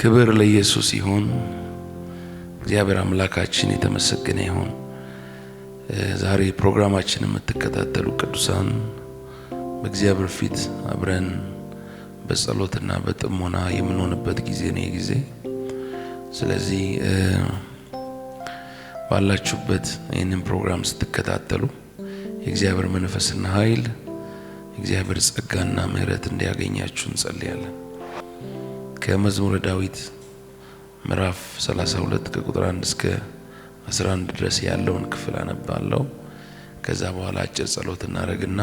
ክብር ለኢየሱስ ይሁን። እግዚአብሔር አምላካችን የተመሰገነ ይሁን። ዛሬ ፕሮግራማችን የምትከታተሉ ቅዱሳን በእግዚአብሔር ፊት አብረን በጸሎትና በጥሞና የምንሆንበት ጊዜ ነው ጊዜ። ስለዚህ ባላችሁበት ይህንን ፕሮግራም ስትከታተሉ የእግዚአብሔር መንፈስና ኃይል የእግዚአብሔር ጸጋና ምሕረት እንዲያገኛችሁ እንጸልያለን። ከመዝሙረ ዳዊት ምዕራፍ 32 ከቁጥር 1 እስከ 11 ድረስ ያለውን ክፍል አነባለሁ። ከዛ በኋላ አጭር ጸሎት እናደርግና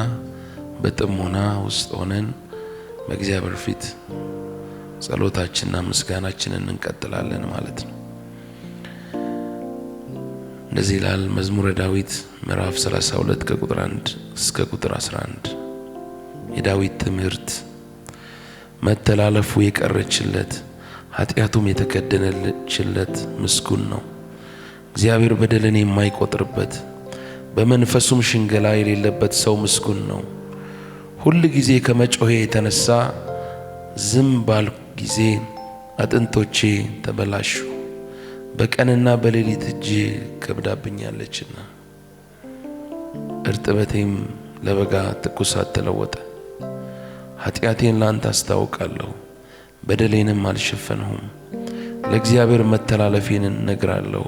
በጥሞና ውስጥ ሆነን በእግዚአብሔር ፊት ጸሎታችንና ምስጋናችንን እንቀጥላለን ማለት ነው። እንደዚህ ይላል መዝሙረ ዳዊት ምዕራፍ 32 ከቁጥር 1 እስከ ቁጥር 11 የዳዊት ትምህርት መተላለፉ የቀረችለት ኃጢአቱም የተከደነችለት ምስጉን ነው። እግዚአብሔር በደልን የማይቆጥርበት በመንፈሱም ሽንገላ የሌለበት ሰው ምስጉን ነው። ሁል ጊዜ ከመጮሄ የተነሳ ዝም ባልኩ ጊዜ አጥንቶቼ ተበላሹ፣ በቀንና በሌሊት እጅ ከብዳብኛለችና እርጥበቴም ለበጋ ትኩሳት ተለወጠ። ኃጢአቴን ለአንተ አስታውቃለሁ፣ በደሌንም አልሸፈንሁም። ለእግዚአብሔር መተላለፌን እነግራለሁ፣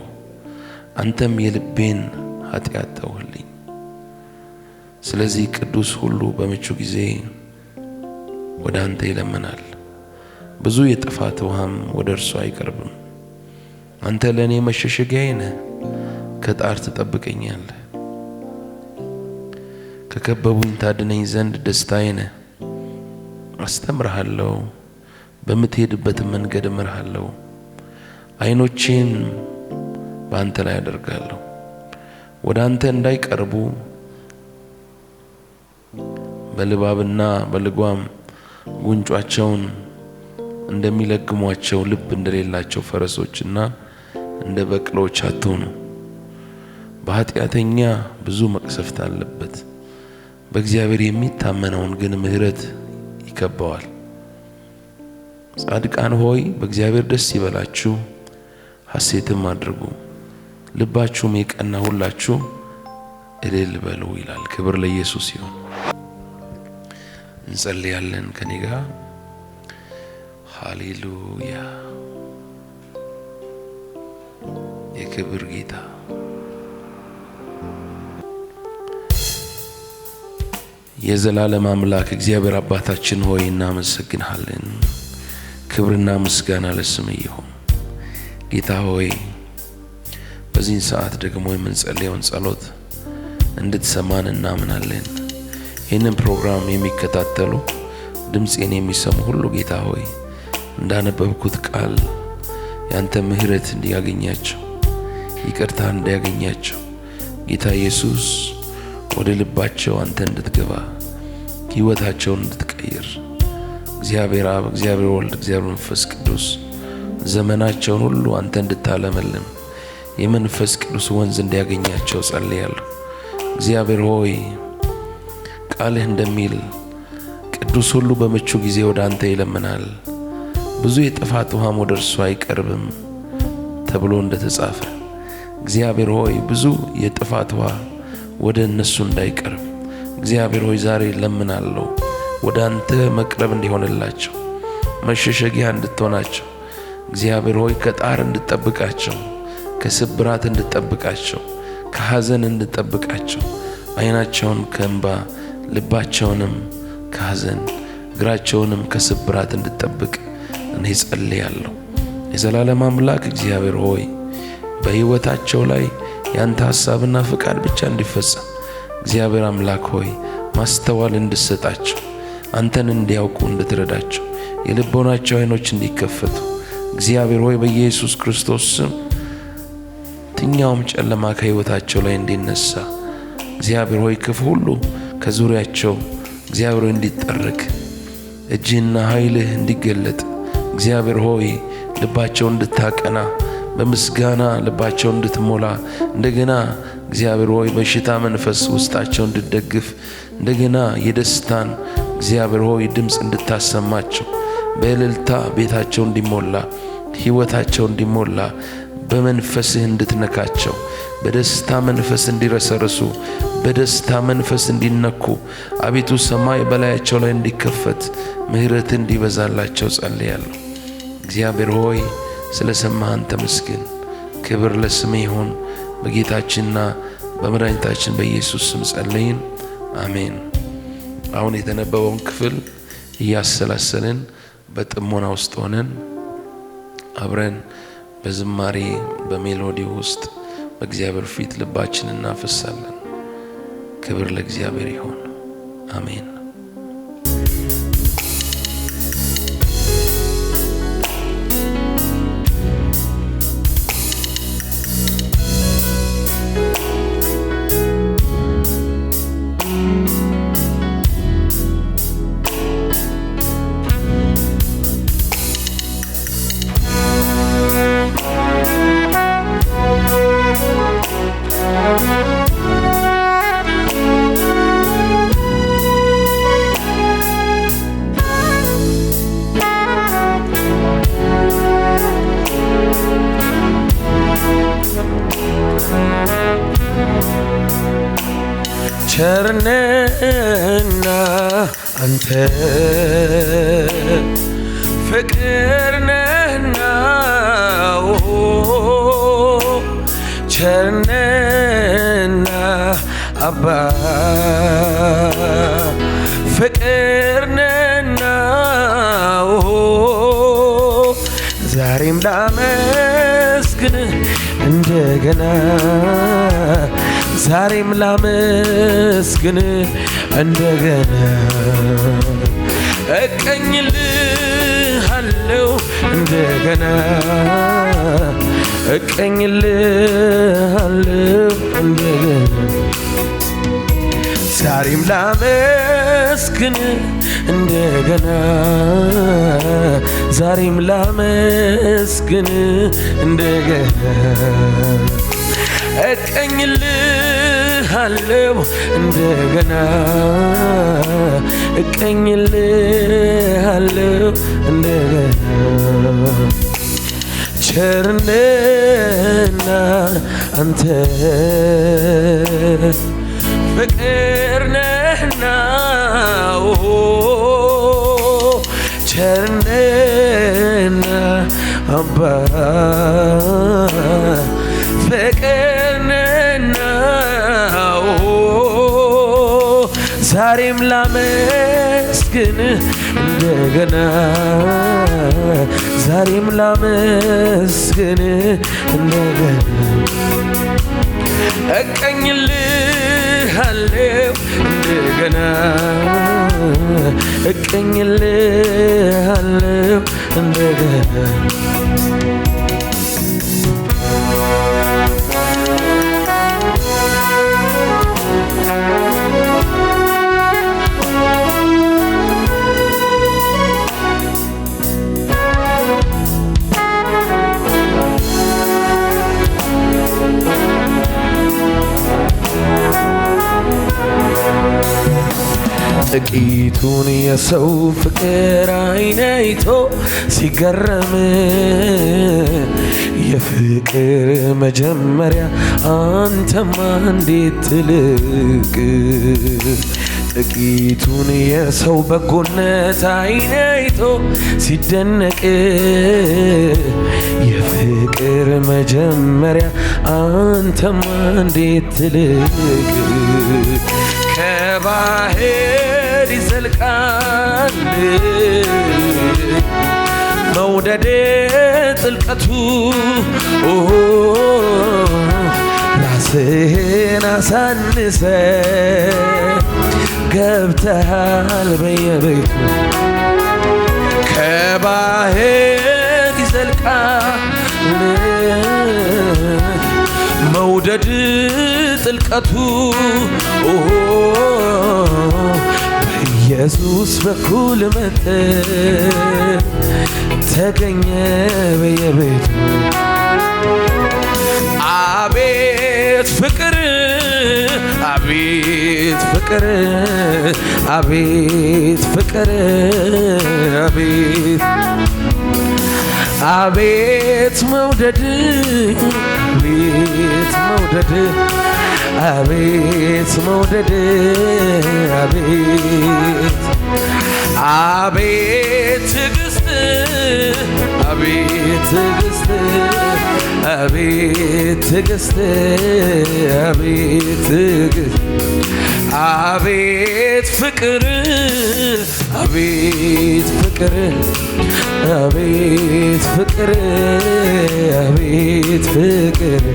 አንተም የልቤን ኃጢአት ተውህልኝ። ስለዚህ ቅዱስ ሁሉ በምቹ ጊዜ ወደ አንተ ይለምናል፣ ብዙ የጥፋት ውሃም ወደ እርሱ አይቀርብም። አንተ ለእኔ መሸሸጊያዬ ነህ፣ ከጣር ትጠብቀኛለህ። ከከበቡኝ ታድነኝ ዘንድ ደስታዬ ነህ። አስተምርሃለሁ፣ በምትሄድበት መንገድ እምርሃለሁ፣ ዓይኖቼን በአንተ ላይ አደርጋለሁ፣ ወደ አንተ እንዳይቀርቡ በልባብና በልጓም ጉንጯቸውን እንደሚለግሟቸው ልብ እንደሌላቸው ፈረሶችና እንደ በቅሎች አትሆኑ። በኃጢአተኛ ብዙ መቅሰፍት አለበት፣ በእግዚአብሔር የሚታመነውን ግን ምሕረት ይገባዋል። ጻድቃን ሆይ በእግዚአብሔር ደስ ይበላችሁ፣ ሐሴትም አድርጉ፣ ልባችሁም የቀና ሁላችሁ እልል በሉ ይላል። ክብር ለኢየሱስ ይሁን። እንጸልያለን ከኔ ጋር ሃሌሉያ የክብር ጌታ የዘላለም አምላክ እግዚአብሔር አባታችን ሆይ እናመሰግንሃለን። ክብርና ምስጋና ለስም ይሁን። ጌታ ሆይ በዚህን ሰዓት ደግሞ የምንጸልየውን ጸሎት እንድትሰማን እናምናለን። ይህንን ፕሮግራም የሚከታተሉ ድምፄን የሚሰሙ ሁሉ ጌታ ሆይ እንዳነበብኩት ቃል ያንተ ምሕረት እንዲያገኛቸው ይቅርታ እንዲያገኛቸው ጌታ ኢየሱስ ወደ ልባቸው አንተ እንድትገባ ህይወታቸውን እንድትቀይር እግዚአብሔር አብ፣ እግዚአብሔር ወልድ፣ እግዚአብሔር መንፈስ ቅዱስ ዘመናቸውን ሁሉ አንተ እንድታለመልም የመንፈስ ቅዱስ ወንዝ እንዲያገኛቸው ጸልያለሁ። እግዚአብሔር ሆይ ቃልህ እንደሚል ቅዱስ ሁሉ በምቹ ጊዜ ወደ አንተ ይለምናል፣ ብዙ የጥፋት ውሃም ወደ እርሱ አይቀርብም ተብሎ እንደተጻፈ እግዚአብሔር ሆይ ብዙ የጥፋት ውሃ ወደ እነሱ እንዳይቀርብ እግዚአብሔር ሆይ ዛሬ ለምናለሁ። ወደ አንተ መቅረብ እንዲሆንላቸው መሸሸጊያ እንድትሆናቸው እግዚአብሔር ሆይ ከጣር እንድጠብቃቸው፣ ከስብራት እንድጠብቃቸው፣ ከሐዘን እንድጠብቃቸው፣ ዓይናቸውን ከእንባ ልባቸውንም ከሐዘን እግራቸውንም ከስብራት እንድጠብቅ እኔ ጸልያለሁ። የዘላለም አምላክ እግዚአብሔር ሆይ በሕይወታቸው ላይ ያንተ ሐሳብና ፍቃድ ብቻ እንዲፈጸም እግዚአብሔር አምላክ ሆይ ማስተዋል እንድሰጣቸው አንተን እንዲያውቁ እንድትረዳቸው የልቦናቸው አይኖች እንዲከፈቱ እግዚአብሔር ሆይ በኢየሱስ ክርስቶስ ስም ትኛውም ጨለማ ከሕይወታቸው ላይ እንዲነሳ እግዚአብሔር ሆይ ክፉ ሁሉ ከዙሪያቸው እግዚአብሔር ሆይ እንዲጠረግ እጅህና ኃይልህ እንዲገለጥ እግዚአብሔር ሆይ ልባቸው እንድታቀና በምስጋና ልባቸው እንድትሞላ እንደገና እግዚአብሔር ሆይ በሽታ መንፈስ ውስጣቸው እንድደግፍ እንደገና የደስታን እግዚአብሔር ሆይ ድምፅ እንድታሰማቸው በእልልታ ቤታቸው እንዲሞላ ሕይወታቸው እንዲሞላ በመንፈስህ እንድትነካቸው በደስታ መንፈስ እንዲረሰርሱ በደስታ መንፈስ እንዲነኩ አቤቱ ሰማይ በላያቸው ላይ እንዲከፈት ምሕረት እንዲበዛላቸው ጸልያለሁ። እግዚአብሔር ሆይ ስለ ሰማህን ተመስገን። ክብር ለስም ይሁን። በጌታችንና በመድኃኒታችን በኢየሱስ ስም ጸለይን፣ አሜን። አሁን የተነበበውን ክፍል እያሰላሰልን በጥሞና ውስጥ ሆነን አብረን በዝማሬ በሜሎዲ ውስጥ በእግዚአብሔር ፊት ልባችን እናፈሳለን። ክብር ለእግዚአብሔር ይሁን፣ አሜን። ዛሬም ላመስግን እንደገና ዛሬም ላመስግን እንደገና እቀኝልሃለው እንደገና እቀኝልሃለው እንደገና ዛሬም ላመስግን እንደገና ዛሬም ላመስግን እንደገና እቀኝልሃለው እንደገና እቀኝልሃለው እንደገና ቸርነና አንተ ፍቅር ቸርነና አባ ፍቅርነናው ዛሬም ላመስግን እንደገና ዛሬም ላመስግን እንደገና እቀኝልሃለው እንደገና እቀኝልሃለሁ እንደገና ጥቂቱን የሰው ፍቅር አይን አይቶ ሲገረም የፍቅር መጀመሪያ አንተማ እንዴት ትልቅ ጥቂቱን የሰው በጎነት አይን አይቶ ሲደነቅ የፍቅር መጀመሪያ አንተማ እንዴት ትልቅ ከባህር ይዘልቃል መውደዴ ጥልቀቱ ራስህን አሳንሰ ገብተሃል በየቤቱ ከባህር ይዘልቃል መውደድ ጥልቀቱ በኢየሱስ በኩል መጠ ተገኘ በየቤቱ አቤት ፍቅር አቤት ፍቅር አቤት ፍቅር አቤት አቤት መውደድ ቤት መውደድ አቤት መውደድ አቤት አቤት ትዕግስት አቤት ትዕግስት አቤት ትዕግስት አቤት ትዕግስት አቤት ፍቅር አቤት ፍቅር አቤት ፍቅር አቤት ፍቅር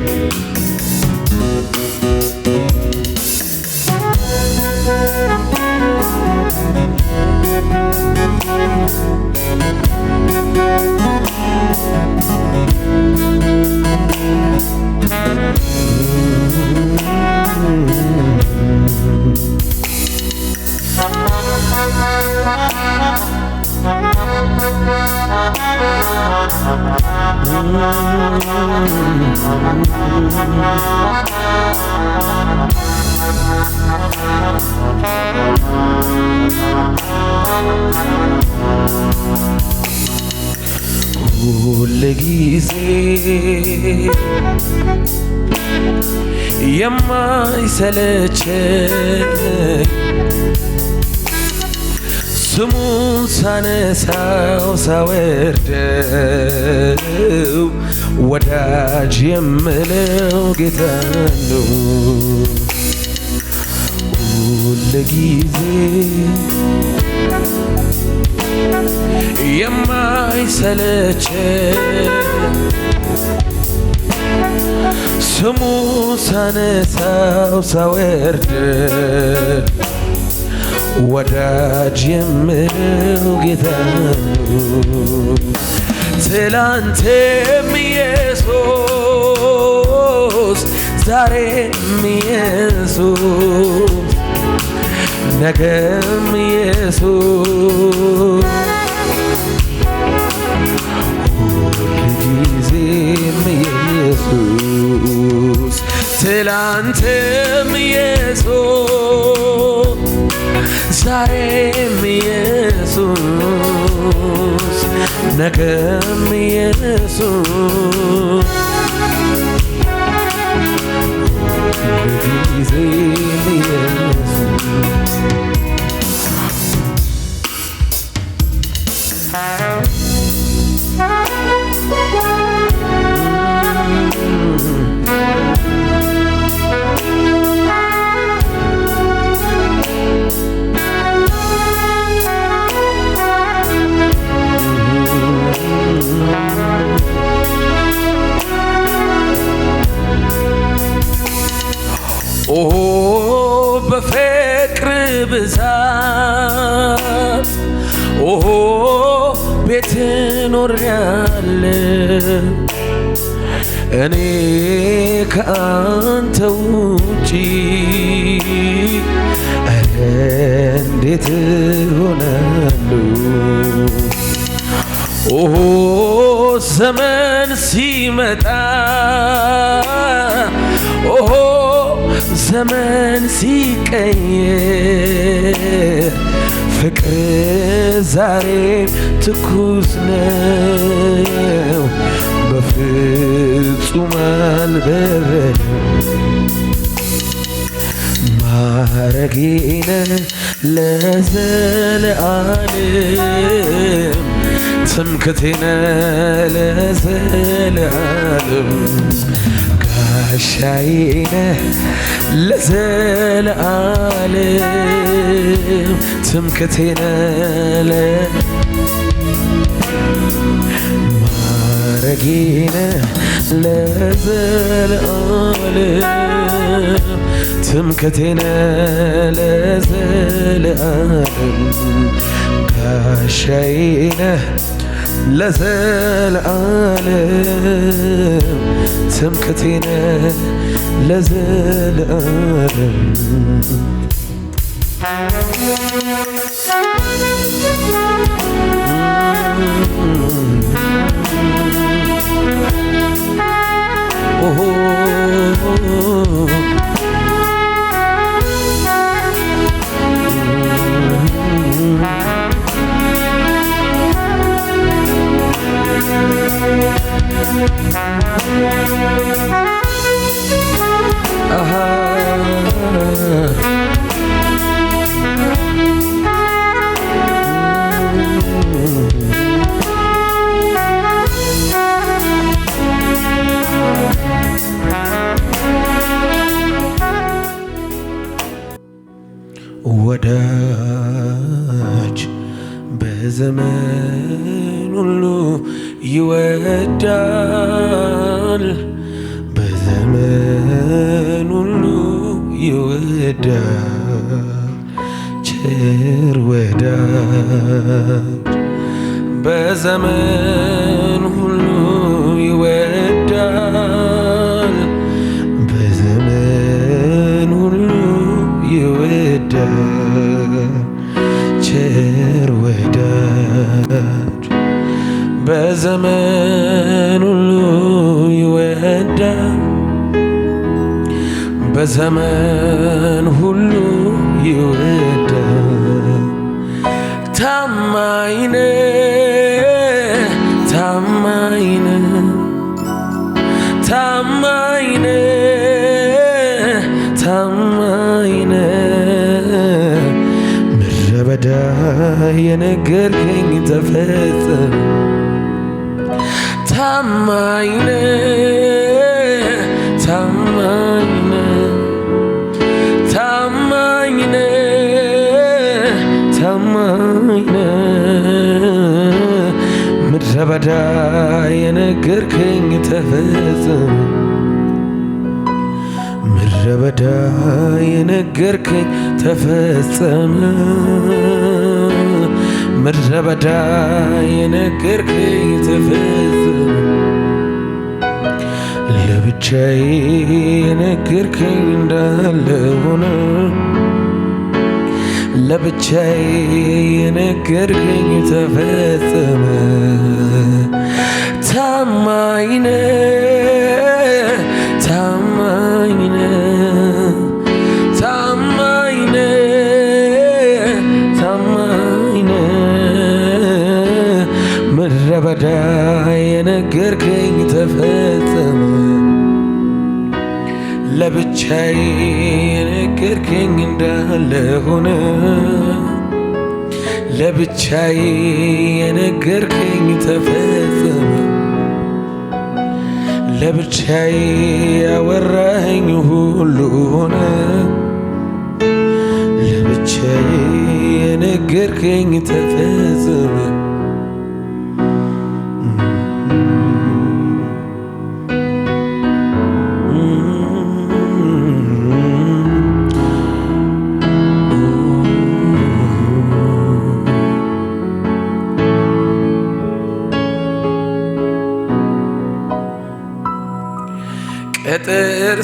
ሁል ጊዜ ስሙን ሳነሳው ሳወርደው ወዳጅ የምለው ጌታ ነው። ሁል ጊዜ የማይሰለች ስሙን ሳነሳው ሳወርደው ወዳጅ የምለው ጌታ ትላንቴም ኢየሱስ ዛሬም ኢየሱስ ነገም ኢየሱስ ሁልጊዜም ኢየሱስ ትላንቴም ኢየሱስ ዛሬም ኢየሱስ ነገም ኢየሱስ ጊዜ ኢየሱስ الزمن سيمتا اوه زمن سيقير فكر زاري تكوزنا بفيتو ማረጌነ ለዘለዓለም سمكتنا لا زال عالم كعشعينا لا زال عالم سمكتنا لا ما رقينا لا زال عالم سمكتنا لا زال عالم كعشعينا عالم سمكتنا لزالعالم Oh, oh, oh, oh. ወዳጅ በዘመን ይወዳል በዘመን ሁሉ ይወዳል ቸር ወዳጅ በዘመን በዘመን ሁሉ ይወዳል በዘመን ሁሉ ይወዳል። ታማኝነ ታማኝነ ታማኝነ ታማኝነ ምድረ በዳ የነገርከኝ ተፈጸመ ታማኝ ነህ ታማኝ ነህ ታማኝ ነህ ታማኝ ነህ ምድረ በዳ የነገርከኝ ተፈጸመ ምድረ በዳ የነገርከኝ ተፈጸመ ምድረ በዳ የነገርከኝ ተፈጸመ ለብቻዬ የነገርከኝ እንዳለ ሆነ ለብቻዬ የነገርከኝ ተፈጸመ።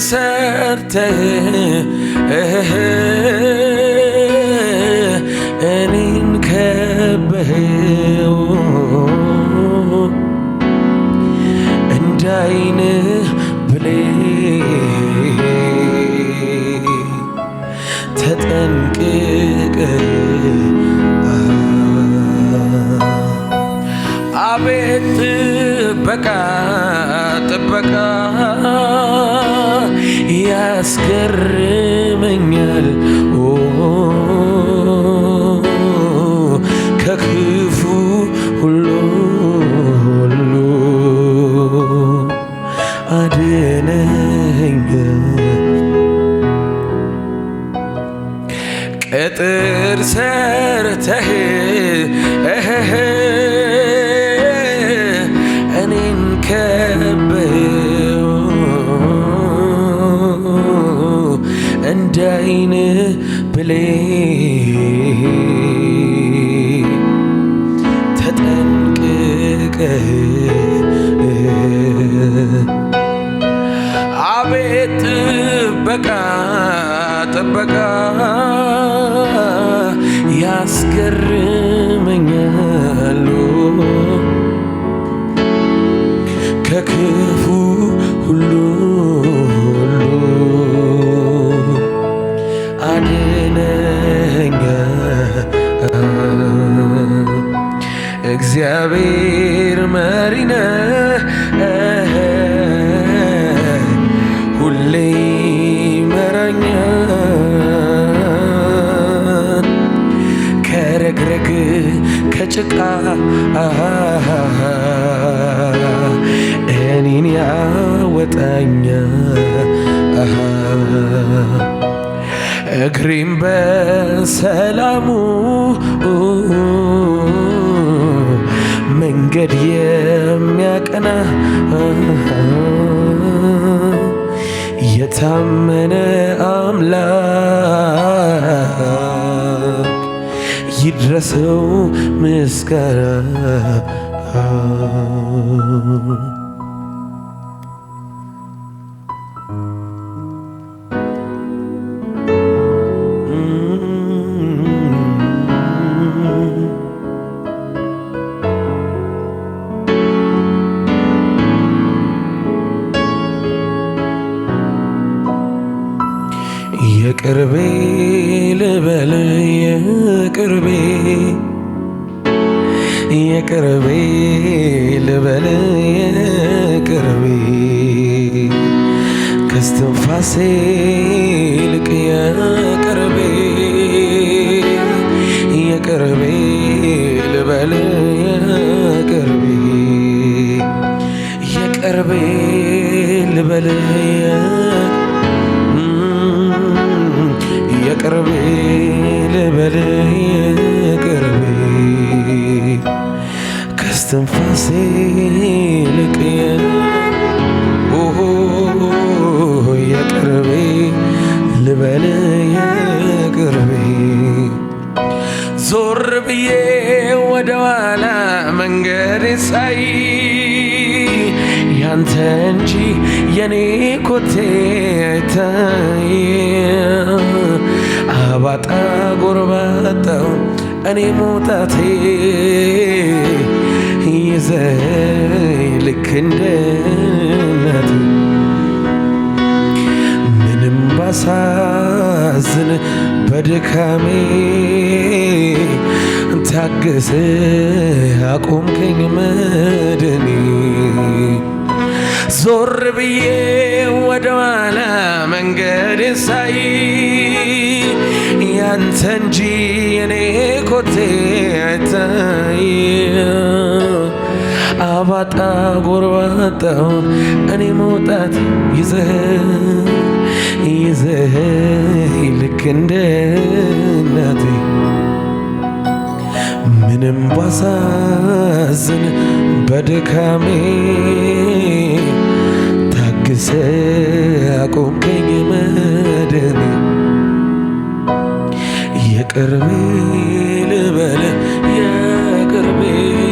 ሰርተ እኔን ከበኸው እንዳይን ብሌ ተጠንቅቅ አቤት ጥበቃ ጥበቃ ያስገርመኛል አቤት ጥበቃ ጥበቃ ያስገርም እግዚአብሔር መሪ ነህ፣ ሁሌ ይመራኛል ከረግረግ ከጭቃ እኔን ያወጣኛል እግሬም በሰላሙ መንገድ የሚያቀና የታመነ አምላክ ይድረሰው ምስጋና ቅርቤ ልበል የቅርቤ የቅርቤ ልበል የቅርቤ ከስትንፋሴ ይልቅ የቅርቤ የቅርቤ ልበል የቅርቤ የቅርቤ ልበል ቅርቤ ልበል ቅርቤ ከስትንፋሴ ይልቅ የቅርቤ ልበል የቅርቤ ዞር ብዬ ወደ ኋላ መንገድ ሳይ ያንተ እንጂ የኔ ኮቴ አይታይ ባጣ ጎርባጣው እኔ መውጣቴ ይዘ ልክ እንደ ምንም ባሳዝን በድካሜ ታገሰ አቆምከኝ መድኔ ዞር ብዬ ወደ ኋላ መንገድ አንተ እንጂ እኔ ኮቴ አይታይ አባጣ ጎርባጣውን እኔ መውጣት ይዘህ ይዘህ ልክ እንደ እናቴ ምንም ባሳዝን በድካሜ ታግሰ አቆምከኝ መ የቅርቤ ልበለ የቅርቤ